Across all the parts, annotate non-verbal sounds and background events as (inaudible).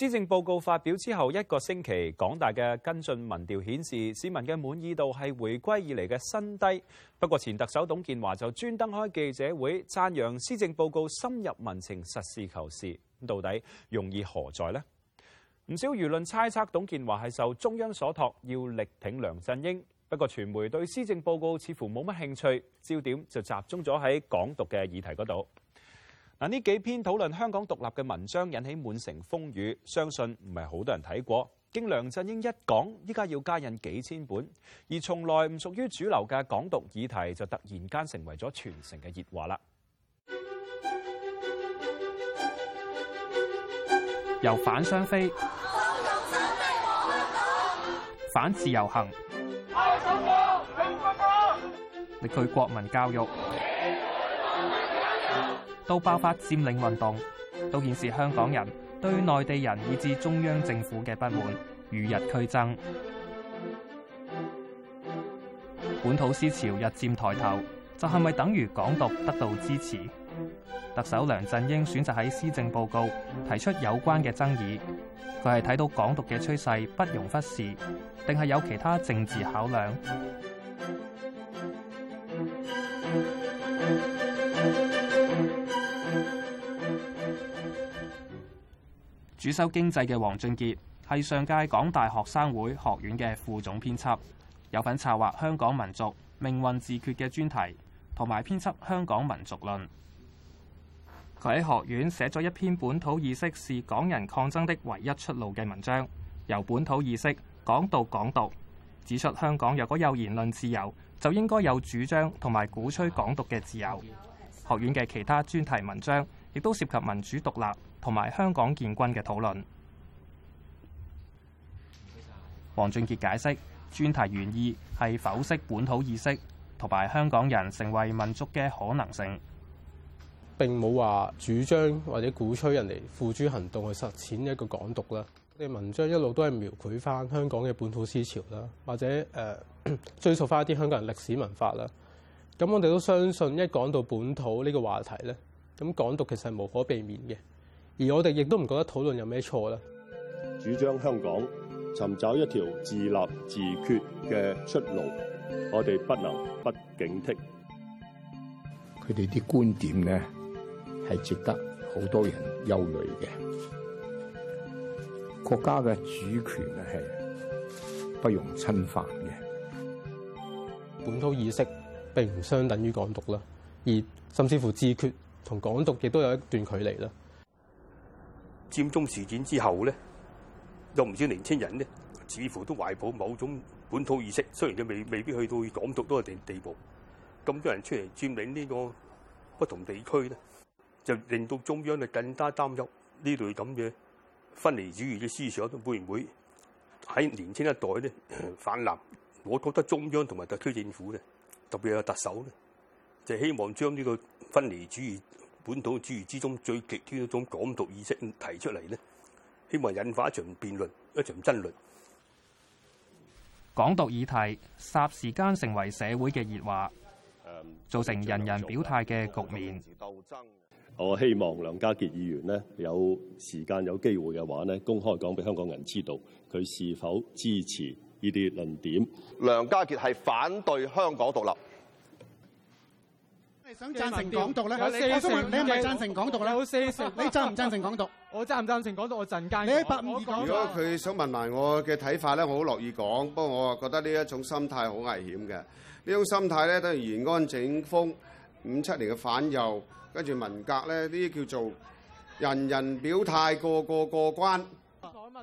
施政報告發表之後一個星期，港大嘅跟進民調顯示市民嘅滿意度係回歸以嚟嘅新低。不過前特首董建華就專登開記者會讚揚施政報告深入民情、實事求是。到底用意何在呢？唔少輿論猜測董建華係受中央所託，要力挺梁振英。不過傳媒對施政報告似乎冇乜興趣，焦點就集中咗喺港獨嘅議題嗰度。嗱，呢幾篇討論香港獨立嘅文章引起滿城風雨，相信唔係好多人睇過。經梁振英一講，依家要加印幾千本，而從來唔屬於主流嘅港獨議題就突然間成為咗全城嘅熱話啦。由反雙非、反自由行、力拒國民教育。都爆發佔領運動，都顯示香港人對內地人以至中央政府嘅不滿與日俱增，本土思潮日漸抬頭，就係咪等於港獨得到支持？特首梁振英選擇喺施政報告提出有關嘅爭議，佢係睇到港獨嘅趨勢不容忽視，定係有其他政治考量？主修經濟嘅黃俊傑係上屆港大學生會學苑嘅副總編輯，有份策劃香港民族命運自決嘅專題，同埋編輯《香港民族論》。佢喺學苑寫咗一篇《本土意識是港人抗爭的唯一出路》嘅文章，由本土意識講到港獨，指出香港若果有言論自由，就應該有主張同埋鼓吹港獨嘅自由。學苑嘅其他專題文章亦都涉及民主獨立。同埋香港建軍嘅討論，黃俊傑解釋專題原意係剖析本土意識，同埋香港人成為民族嘅可能性。並冇話主張或者鼓吹人哋付諸行動去實踐一個港獨啦。啲文章一路都係描繪翻香港嘅本土思潮啦，或者誒追溯翻一啲香港人的歷史文化啦。咁我哋都相信，一講到本土呢個話題呢，咁港獨其實係無可避免嘅。而我哋亦都唔覺得討論有咩錯啦。主張香港尋找一條自立自決嘅出路，我哋不能不警惕。佢哋啲觀點咧係值得好多人憂慮嘅。國家嘅主權咧係不容侵犯嘅。本土意識並唔相等於港獨啦，而甚至乎自決同港獨亦都有一段距離啦。佔中事件之後咧，有唔少年青人咧，似乎都懷抱某種本土意識，雖然你未未必去到港獨嘅地步。咁多人出嚟佔領呢個不同地區咧，就令到中央咧更加擔憂呢類咁嘅分離主義嘅思想會唔會喺年青一代咧泛濫？我覺得中央同埋特區政府咧，特別有特首咧，就希望將呢個分離主義，本土主義之中最極端一種港獨意識提出嚟，呢，希望引發一場辯論、一場爭論。港獨議題霎時間成為社會嘅熱話，造成人人表態嘅局面。我希望梁家傑議員呢，有時間、有機會嘅話咧，公開講俾香港人知道佢是否支持呢啲論點。梁家傑係反對香港獨立。想贊成港獨咧？有四你係咪贊成港獨咧？好四你贊唔贊成港獨？我贊唔贊成港獨？我陣間。你一百五講。如果佢想問埋我嘅睇法咧，我好樂意講。不過我覺得呢一種心態好危險嘅。呢種心態咧，等於延安整風、五七年嘅反右，跟住文革咧，呢啲叫做人人表態，個個過過關。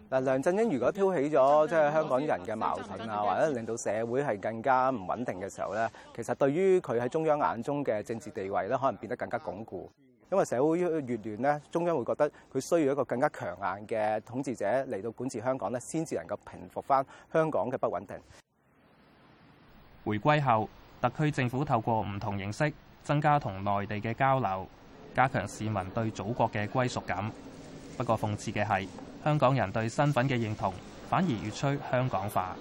嗱，梁振英如果挑起咗即係香港人嘅矛盾啊，或者令到社會係更加唔穩定嘅時候咧，其實對於佢喺中央眼中嘅政治地位咧，可能變得更加鞏固。因為社會越亂咧，中央會覺得佢需要一個更加強硬嘅統治者嚟，到管治香港咧，先至能夠平復翻香港嘅不穩定。回歸後，特區政府透過唔同形式增加同內地嘅交流，加強市民對祖國嘅歸屬感。不過諷刺嘅係。香港人對身份嘅認同反而越趨香港化。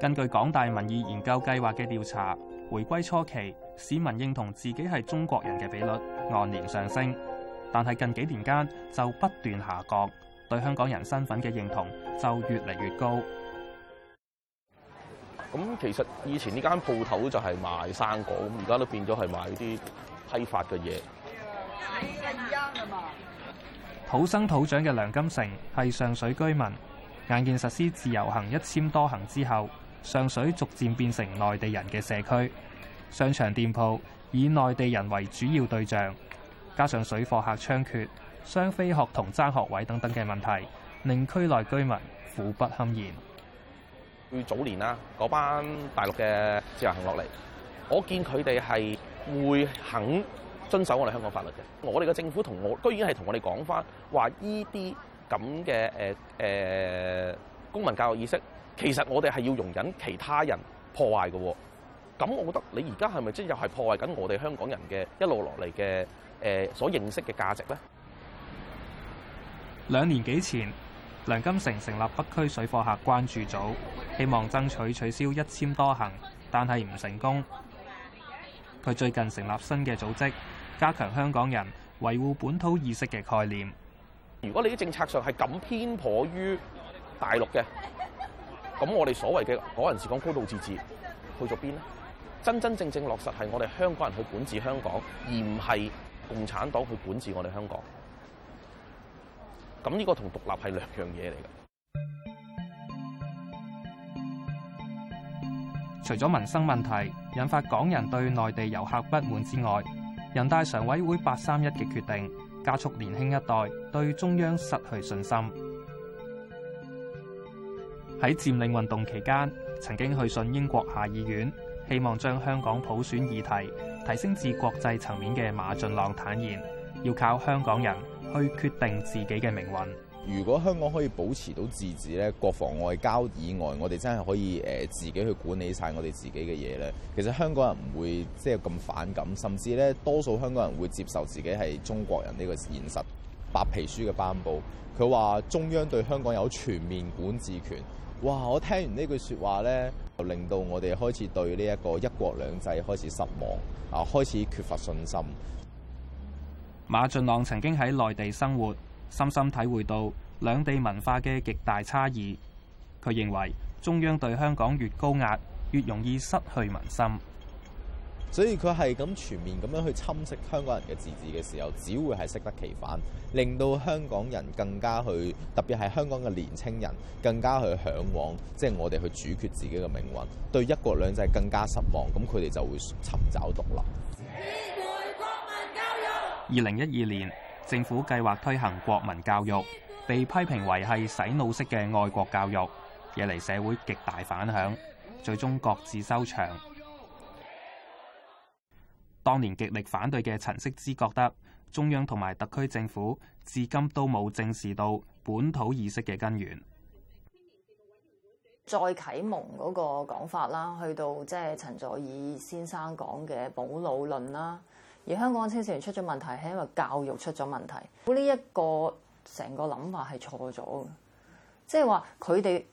根據港大民意研究計劃嘅調查，回歸初期市民認同自己係中國人嘅比率按年上升，但係近幾年間就不斷下降，對香港人身份嘅認同就越嚟越高。咁其實以前呢間鋪頭就係賣生果，而家都變咗係賣啲批發嘅嘢。土生土長嘅梁金城係上水居民，眼見實施自由行一簽多行之後，上水逐漸變成內地人嘅社區，商場店鋪以內地人為主要對象，加上水貨客猖獗、雙飛學同爭學位等等嘅問題，令區內居民苦不堪言。佢早年啦，嗰班大陸嘅自由行落嚟，我見佢哋係會肯遵守我哋香港法律嘅，我哋嘅政府同我居然係同我哋講翻話依啲咁嘅誒誒公民教育意識，其實我哋係要容忍其他人破壞嘅。咁我覺得你而家係咪即係又係破壞緊我哋香港人嘅一路落嚟嘅誒所認識嘅價值咧？兩年幾前，梁金成成立北區水貨客關注組，希望爭取取,取消一千多行，但係唔成功。佢最近成立新嘅組織。加強香港人維護本土意識嘅概念。如果你啲政策上係咁偏頗於大陸嘅，咁我哋所謂嘅嗰陣時講高度自治去咗邊咧？真真正正落實係我哋香港人去管治香港，而唔係共產黨去管治我哋香港。咁呢個同獨立係兩樣嘢嚟嘅。除咗民生問題引發港人對內地遊客不滿之外，人大常委會八三一嘅決定，加速年輕一代對中央失去信心。喺佔領運動期間曾經去信英國下議院，希望將香港普選議題提升至國際層面嘅馬俊朗坦言，要靠香港人去決定自己嘅命運。如果香港可以保持到自治咧，國防外交以外，我哋真係可以誒自己去管理晒我哋自己嘅嘢咧。其實香港人唔會即係咁反感，甚至咧多數香港人會接受自己係中國人呢個現實。白皮書嘅頒布，佢話中央對香港有全面管治權，哇！我聽完呢句說話咧，就令到我哋開始對呢一個一國兩制開始失望啊，開始缺乏信心。馬俊朗曾經喺內地生活。深深體會到兩地文化嘅極大差異，佢認為中央對香港越高壓越容易失去民心。所以佢係咁全面咁樣去侵蝕香港人嘅自治嘅時候，只會係適得其反，令到香港人更加去，特別係香港嘅年青人更加去向往，即係我哋去主決自己嘅命運，對一國兩制更加失望，咁佢哋就會尋找獨立。二零一二年。政府計劃推行國民教育，被批評為係洗腦式嘅愛國教育，惹嚟社會極大反響，最終各自收場。當年極力反對嘅陳惜姿覺得，中央同埋特區政府至今都冇正視到本土意識嘅根源。再啟蒙嗰個講法啦，去到即係陳佐洱先生講嘅保老論啦。而香港青少年出咗問題，係因為教育出咗問題。呢一個成個諗法係錯咗嘅，即係話，佢哋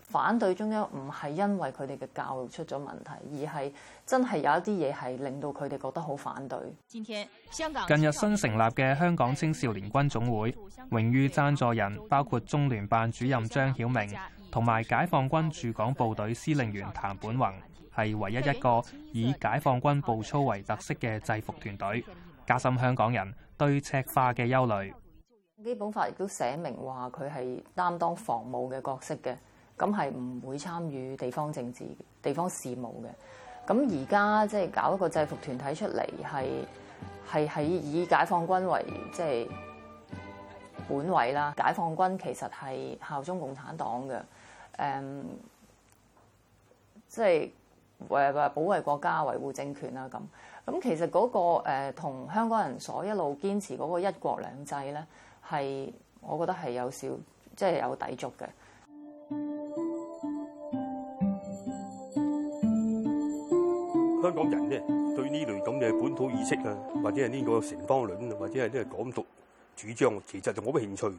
反對中央，唔係因為佢哋嘅教育出咗問題，而係真係有一啲嘢係令到佢哋覺得好反對。今日新成立嘅香港青少年軍總會榮譽贊助人包括中聯辦主任張曉明同埋解放軍駐港部隊司令員譚本宏。係唯一一個以解放軍步操為特色嘅制服團隊，加深香港人對赤化嘅憂慮。基本法亦都寫明話佢係擔當防務嘅角色嘅，咁係唔會參與地方政治、地方事務嘅。咁而家即係搞一個制服團體出嚟，係係喺以解放軍為即係本位啦。解放軍其實係效忠共產黨嘅，誒即係。誒保衞國家、維護政權啊！咁咁，其實嗰、那個、呃、同香港人所一路堅持嗰個一國兩制咧，係我覺得係有少即係有抵足嘅。香港人咧對呢類咁嘅本土意識啊，或者係呢個城邦論，或者係呢個港獨主張，其實就冇乜興趣。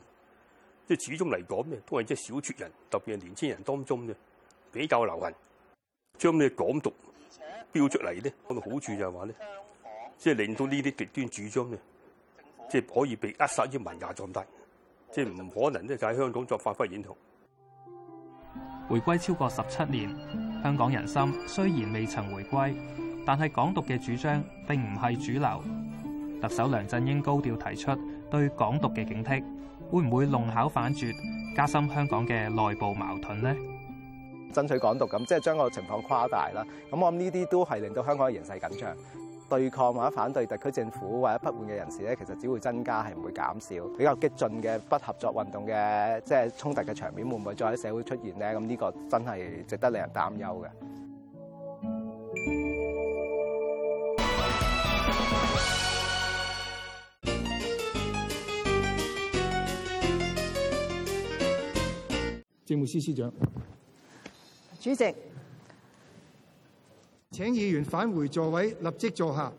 即係始終嚟講咧，都係即係小撮人，特別係年青人當中咧比較流行。將你港獨標出嚟咧，個好處就係話咧，即係令到呢啲極端主張嘅，即係可以被扼殺於萌芽狀態，即係唔可能咧就喺香港作發揮演說。回歸超過十七年，香港人心雖然未曾回歸，但係港獨嘅主張並唔係主流。特首梁振英高調提出對港獨嘅警惕，會唔會弄巧反拙，加深香港嘅內部矛盾呢？爭取港獨咁，即係將個情況誇大啦。咁我諗呢啲都係令到香港嘅形勢緊張，對抗或者反對特區政府或者不滿嘅人士咧，其實只會增加，係唔會減少。比較激進嘅不合作運動嘅，即係衝突嘅場面，會唔會再喺社會出現咧？咁呢個真係值得令人擔憂嘅。政務司司長。主席，請議員返回座位，立即坐下。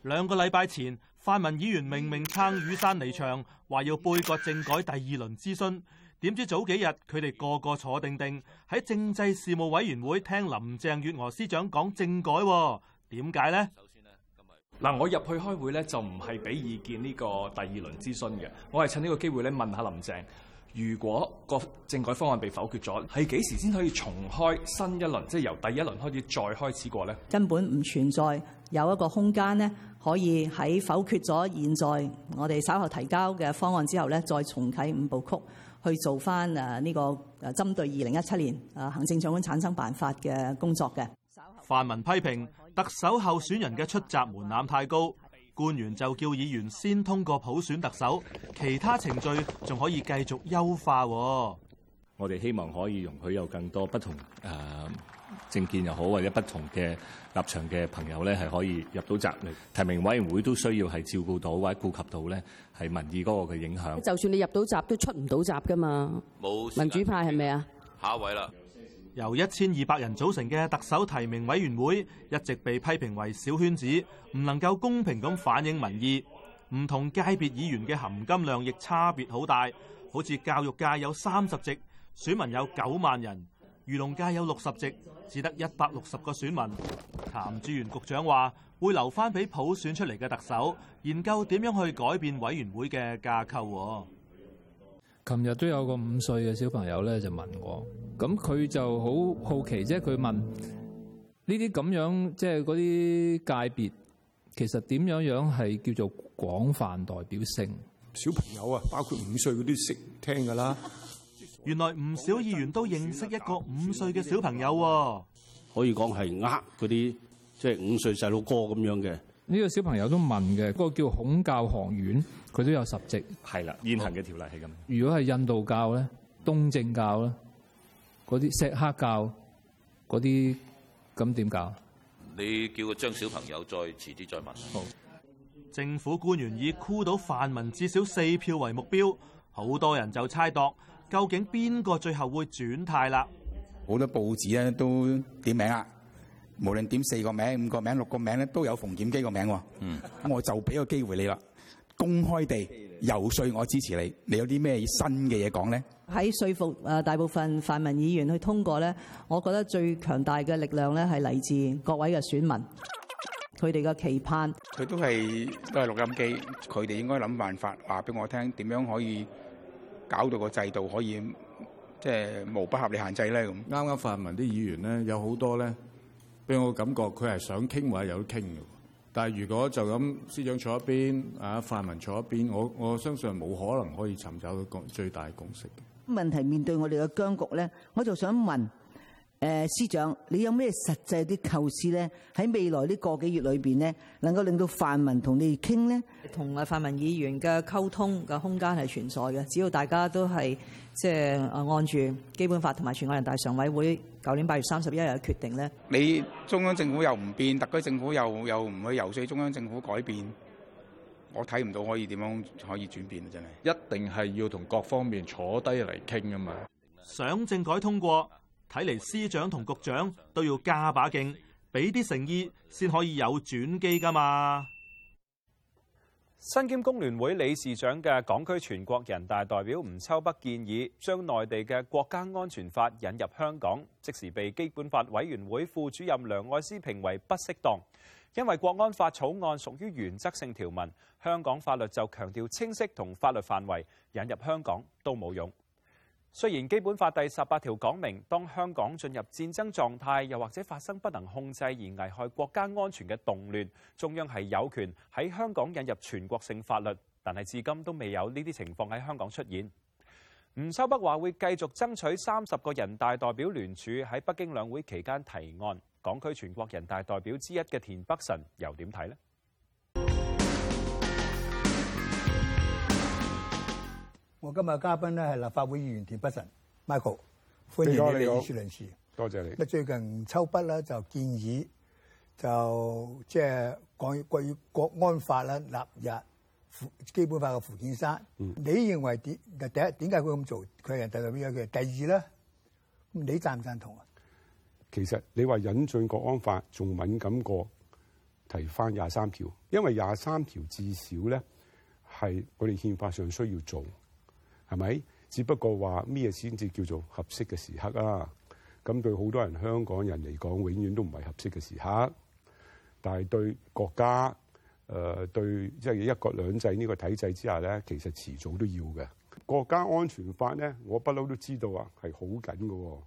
兩個禮拜前，泛民議員明明撐雨傘離場，話要杯葛政改第二輪諮詢，點知早幾日佢哋個個坐定定喺政制事務委員會聽林鄭月娥司長講政改，點解呢？嗱，我入去開會咧，就唔係俾意見呢個第二輪諮詢嘅，我係趁呢個機會咧問下林鄭。如果個政改方案被否決咗，係幾時先可以重開新一輪？即係由第一輪開始再開始過呢？根本唔存在有一個空間呢，可以喺否決咗現在我哋稍後提交嘅方案之後呢，再重啟五部曲去做返啊呢個啊針對二零一七年啊行政長官產生辦法嘅工作嘅。泛民批評特首候選人嘅出閘門檻太高。官員就叫議員先通過普選特首，其他程序仲可以繼續優化、哦。我哋希望可以容許有更多不同誒、呃、政見又好或者不同嘅立場嘅朋友咧，係可以入到閘嚟提名委員會，都需要係照顧到或者顧及到咧係民意嗰個嘅影響。就算你入到閘都出唔到閘㗎嘛？冇民主派係咪啊？下一位啦。由一千二百人組成嘅特首提名委員會，一直被批評為小圈子，唔能夠公平咁反映民意。唔同界別議員嘅含金量亦差別好大，好似教育界有三十席，選民有九萬人；漁農界有六十席，只得一百六十個選民。譚志源局長話，會留翻俾普選出嚟嘅特首，研究點樣去改變委員會嘅架構。琴日都有個五歲嘅小朋友咧，就問我，咁佢就好好奇，即係佢問呢啲咁樣，即係嗰啲界別，其實點樣樣係叫做廣泛代表性？小朋友啊，包括五歲嗰啲識聽㗎啦。原來唔少議員都認識一個五歲嘅小朋友喎。可以講係呃嗰啲即係五歲細路哥咁樣嘅。呢個小朋友都問嘅，嗰個叫孔教學院。佢都有十席，係啦。現行嘅條例係咁。哦。如果係印度教咧、東正教咧、嗰啲錫克教嗰啲，咁點搞？你叫佢將小朋友再遲啲再問。好，政府官員以箍到泛民至少四票為目標，好多人就猜度究竟邊個最後會轉態啦。好多報紙咧都點名啦，無論點四個名、五個名、六個名咧，都有馮檢基個名喎。嗯，咁我就俾個機會你啦。公開地游説我支持你，你有啲咩新嘅嘢講咧？喺說服誒大部分泛民議員去通過咧，我覺得最強大嘅力量咧係嚟自各位嘅選民，佢哋嘅期盼。佢都係都係錄音機，佢哋應該諗辦法話俾我聽，點樣可以搞到個制度可以即係無不合理限制咧？咁啱啱泛民啲議員咧有好多咧，俾我感覺佢係想傾話又都傾嘅。但係如果就咁，司長坐一邊，啊泛民坐一邊，我我相信冇可能可以尋找到個最大嘅共識嘅問題。面對我哋嘅僵局咧，我就想問。誒司長，你有咩實際啲構思咧？喺未來呢個幾月裏邊咧，能夠令到泛民同你哋傾咧？同啊泛民議員嘅溝通嘅空間係存在嘅，只要大家都係即係誒按住基本法同埋全國人大常委會，舊年八月三十一日嘅決定咧。你中央政府又唔變，特區政府又又唔去游說中央政府改變，我睇唔到可以點樣可以轉變真係。一定係要同各方面坐低嚟傾啊嘛！想政改通過。睇嚟，司長同局長都要加把勁，俾啲誠意，先可以有轉機㗎嘛。新兼工聯會理事長嘅港區全國人大代表吳秋北建議將內地嘅國家安全法引入香港，即時被基本法委員會副主任梁愛詩評為不適當，因為國安法草案屬於原則性條文，香港法律就強調清晰同法律範圍，引入香港都冇用。雖然基本法第十八條講明，當香港進入戰爭狀態，又或者發生不能控制而危害國家安全嘅動亂，中央係有權喺香港引入全國性法律，但係至今都未有呢啲情況喺香港出現。吳秋北話會繼續爭取三十個人大代表聯署喺北京兩會期間提案。港區全國人大代表之一嘅田北辰又點睇呢？我今日嘅嘉賓咧係立法會議員田北辰 Michael，歡迎你李樹林氏，多謝你。最近秋筆咧就建議就即係講關於國安法咧納入基本法嘅附件三、嗯。你認為點？第一點解佢咁做？佢係哋個咩嘅？第二咧，你贊唔贊同啊？其實你話引進國安法仲敏感過提翻廿三條，因為廿三條至少咧係我哋憲法上需要做。係咪？只不過話咩先至叫做合適嘅時刻啊？咁對好多人香港人嚟講，永遠都唔係合適嘅時刻。但係對國家，誒、呃、對即係、就是、一國兩制呢個體制之下咧，其實遲早都要嘅。國家安全法咧，我不嬲都知道啊，係好緊㗎。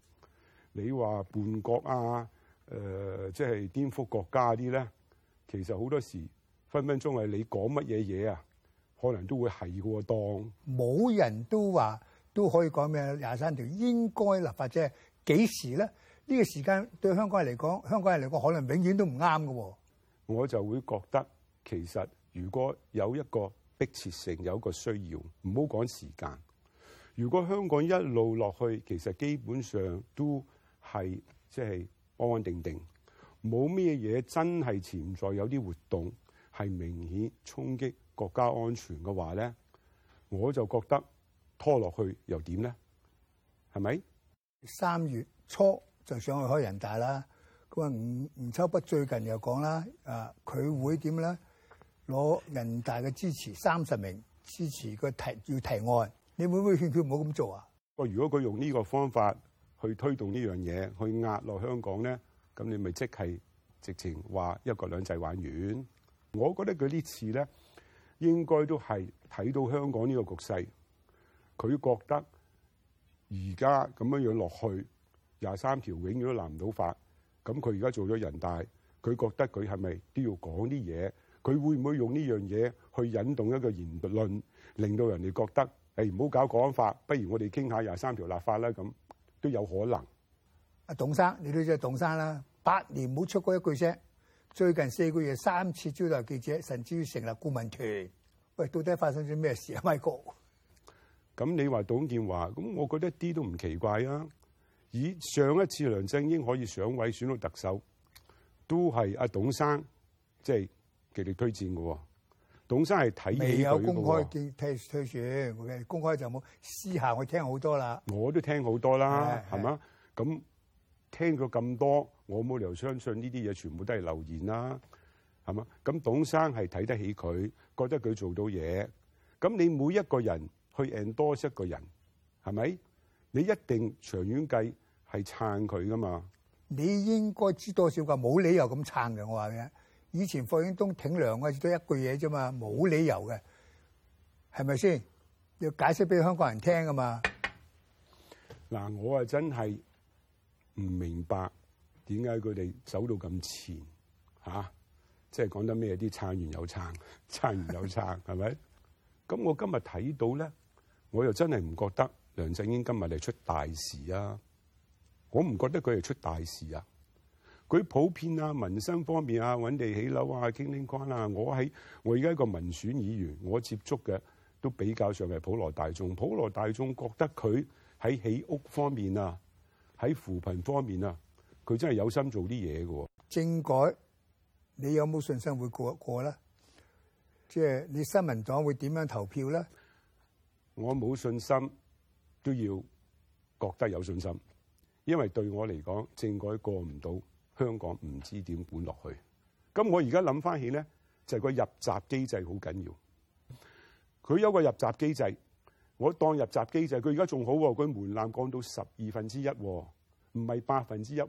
你話叛國啊，誒即係顛覆國家啲咧，其實好多時分分鐘係你講乜嘢嘢啊！可能都會係個當冇人都話都可以講咩廿三條應該立法啫？幾時咧？呢個時間對香港人嚟講，香港人嚟講可能永遠都唔啱嘅。我就會覺得其實如果有一個迫切性，有一個需要，唔好講時間。如果香港一路落去，其實基本上都係即係安安定定，冇咩嘢真係潛在有啲活動係明顯衝擊。國家安全嘅話咧，我就覺得拖落去又點咧？係咪三月初就想去開人大啦？佢話吳吳秋北最近又講啦，啊佢會點咧？攞人大嘅支持三十名支持佢提要提案，你會唔會勸佢唔好咁做啊？如果佢用呢個方法去推動呢樣嘢，去壓落香港咧，咁你咪即係直情話一國兩制玩完？我覺得佢呢次咧。應該都係睇到香港呢個局勢，佢覺得而家咁樣樣落去廿三條永遠都立唔到法，咁佢而家做咗人大，佢覺得佢係咪都要講啲嘢？佢會唔會用呢樣嘢去引動一個言論，令到人哋覺得誒唔好搞港法，不如我哋傾下廿三條立法啦？咁都有可能。阿董生，你都即係董生啦，八年冇出過一句聲。最近四個月三次招待記者，甚至於成立顧問團。喂，到底發生咗咩事啊，Michael？咁你話董建華，咁我覺得一啲都唔奇怪啊！以上一次梁振英可以上位選到特首，都係阿、啊、董生即係極力推薦嘅喎。董生係睇未有公開 t 推選，公開就冇，私下我聽好多啦。我都聽好多啦，係咪啊？咁。聽過咁多，我冇理由相信呢啲嘢全部都係流言啦、啊，係嘛？咁董生係睇得起佢，覺得佢做到嘢。咁你每一個人去 endorse 多一個人，係咪？你一定長遠計係撐佢噶嘛？你應該知多少噶，冇理由咁撐嘅。我話你，以前霍英東挺梁啊，只得一句嘢啫嘛，冇理由嘅，係咪先？要解釋俾香港人聽㗎嘛。嗱，我啊真係。唔明白點解佢哋走到咁前嚇、啊？即係講緊咩？啲撐完又撐，撐完又撐，係咪？咁 (laughs) 我今日睇到咧，我又真係唔覺得梁振英今日嚟出大事啊！我唔覺得佢係出大事啊！佢普遍啊，民生方面啊，揾地起樓啊，傾傾關啊，我喺我而家一個民選議員，我接觸嘅都比較上係普羅大眾，普羅大眾覺得佢喺起屋方面啊。喺扶貧方面啊，佢真係有心做啲嘢嘅。政改你有冇信心會過一過咧？即係你新民黨會點樣投票咧？我冇信心，都要覺得有信心，因為對我嚟講，政改過唔到，香港唔知點管落去。咁我而家諗翻起咧，就係個入閘機制好緊要。佢有個入閘機制。我當入閘機就係佢，而家仲好喎，佢門檻降到十二分之一，唔係八分之一。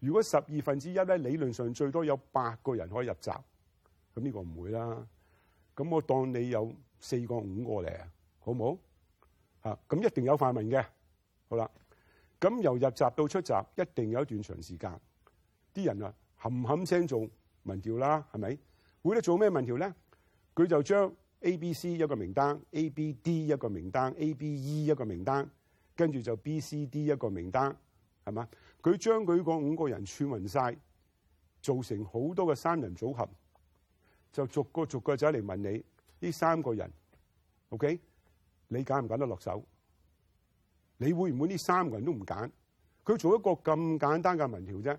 如果十二分之一咧，理論上最多有八個人可以入閘，咁呢個唔會啦。咁我當你有四個，個、五個嚟啊，好唔好？嚇，咁一定有泛民嘅。好啦，咁由入閘到出閘一定有一段長時間，啲人啊冚冚聲做民調啦，係咪？會咧做咩民調咧？佢就將。A、B、C 一個名單，A、B、D 一個名單，A、B、E 一個名單，跟住就 B、C、D 一個名單，係嘛？佢將佢嗰五個人串勻晒，造成好多嘅三人組合，就逐個逐個走嚟問你呢三個人，OK，你揀唔揀得落手？你會唔會呢三個人都唔揀？佢做一個咁簡單嘅文條啫，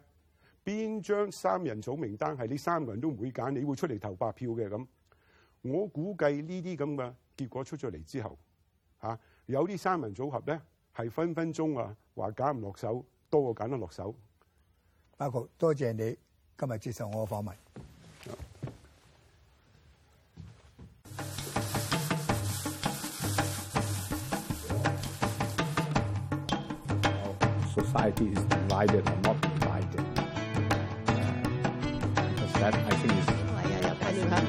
邊張三人組名單係呢三個人都唔會揀？你會出嚟投白票嘅咁？我估計呢啲咁嘅結果出咗嚟之後，嚇、啊、有啲三人組合咧係分分鐘啊話揀唔落手，多過揀得落手。包括多謝你今日接受我嘅訪問。Yeah. (noise) (noise) (noise)